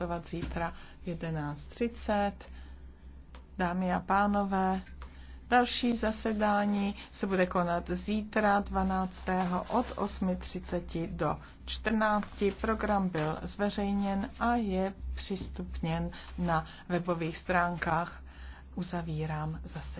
hlasovat zítra 11.30. Dámy a pánové, další zasedání se bude konat zítra 12. od 8.30 do 14. Program byl zveřejněn a je přistupněn na webových stránkách. Uzavírám zasedání.